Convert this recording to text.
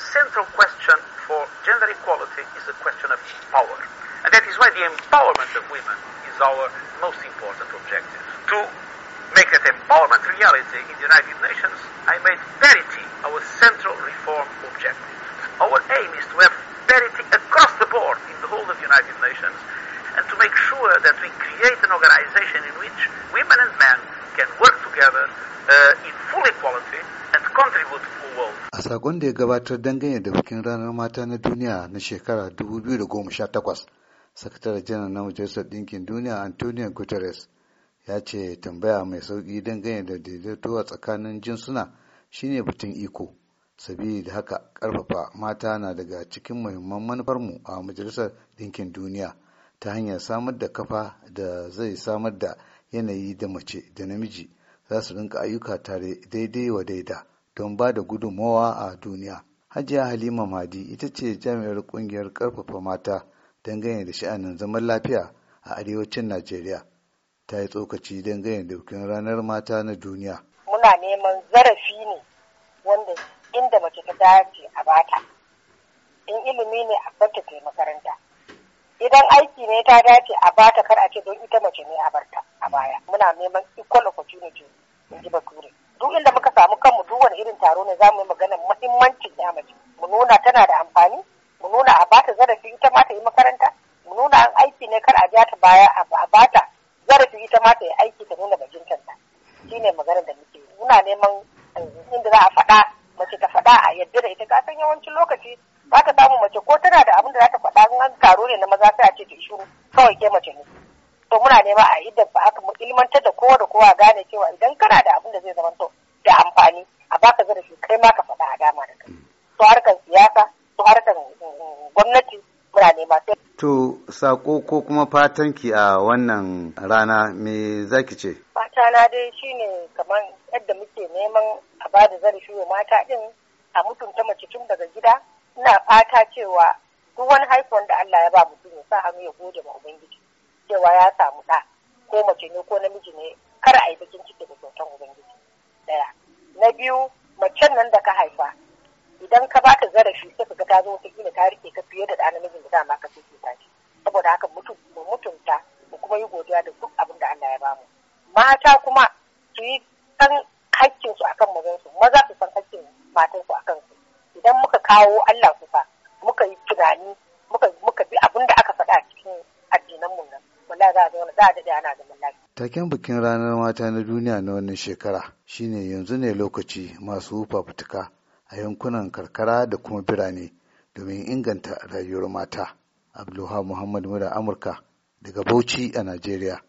the central question for gender equality is a question of power. And that is why the empowerment of women is our most important objective. To make that empowerment reality in the United Nations, I made parity our central reform objective. Our aim is to have parity which women and men can work together uh, in full equality and contribute to the world. A sakon da ya gabatar dangane da bikin ranar mata na duniya na shekara 2018, sakataren janar na majalisar Dinkin duniya Antonio Guterres ya ce tambaya mai sauƙi dangane da daidaito a tsakanin jinsuna shine batun iko. sabida haka ƙarfafa mata na daga cikin muhimman manufarmu a majalisar Dinkin duniya. ta hanyar samar da kafa da zai samar da yanayi da mace da namiji za su rinka ayyuka tare daidai wa daida don ba da gudummawa a duniya. Hajiya Halima Madi ita ce jami'ar kungiyar karfafa mata dangane da sha'anin zaman lafiya a arewacin Najeriya. Ta yi tsokaci dangane da bikin ranar mata na duniya. Muna neman zarafi ne wanda inda mace ta dace a bata. In ilimi ne a bata ta makaranta. idan aiki ne ta dace a bata kar a ce don ita mace ne a barta a baya muna neman equal opportunity in ji bature duk inda muka samu kanmu duk wani irin taro ne zamu yi magana muhimmancin ya mace mu nuna tana da amfani mu nuna a bata zarafi ita ma ta yi makaranta mu nuna an aiki ne kar a ja ta baya a bata zarafi ita ma ta yi aiki ta nuna bajintan ta shine maganar da muke muna neman eh, inda za a faɗa mace ta faɗa a yadda da ita kasan yawancin lokaci ba ka samu mace ko tana da abin da za ta faɗa an taro ne na maza su kawai ke mace ne to muna nema a idan ba haka mu ilmantar da kowa da kowa gane cewa idan kana da abin da zai zama to da amfani a baka zarafi kai ma ka faɗa a dama da kai to harkar siyasa to harkar eh, gwamnati muna nema to sako ko kuma fatanki a wannan rana me zaki ce fata na dai shine kamar yadda muke neman a bada zarafi wa mata ɗin, a mutunta mace tun daga gida ina fata cewa duk wani haifuwan da Allah ya ba mutum ya sa hannu ya gode ma ubangiji cewa ya samu ɗa ko mace ne ko namiji ne kar a yi bikin ciki da kyautan ubangiji Ɗaya. na biyu macen nan da ka haifa idan ka baka zarafi sai ka ga ta zo wata gina ta rike ka fiye da ɗa namijin da dama ka fi ta ce saboda haka mutum mu mutunta mu kuma yi godiya da duk abin da Allah ya bamu mata kuma su yi san hakkinsu akan mazan su maza su san hakkin matansu akan su idan muka kawo Allah kusa muka yi tunani muka bi abin da aka faɗa a cikin addinan mu nan wallahi za a zauna za a daɗe ana zaman lafiya. Taken bikin ranar mata na duniya na wannan shekara shine yanzu ne lokaci masu fafutuka a yankunan karkara da kuma birane domin inganta rayuwar mata. Abdulhamu Muhammad Mura Amurka daga Bauchi a Najeriya.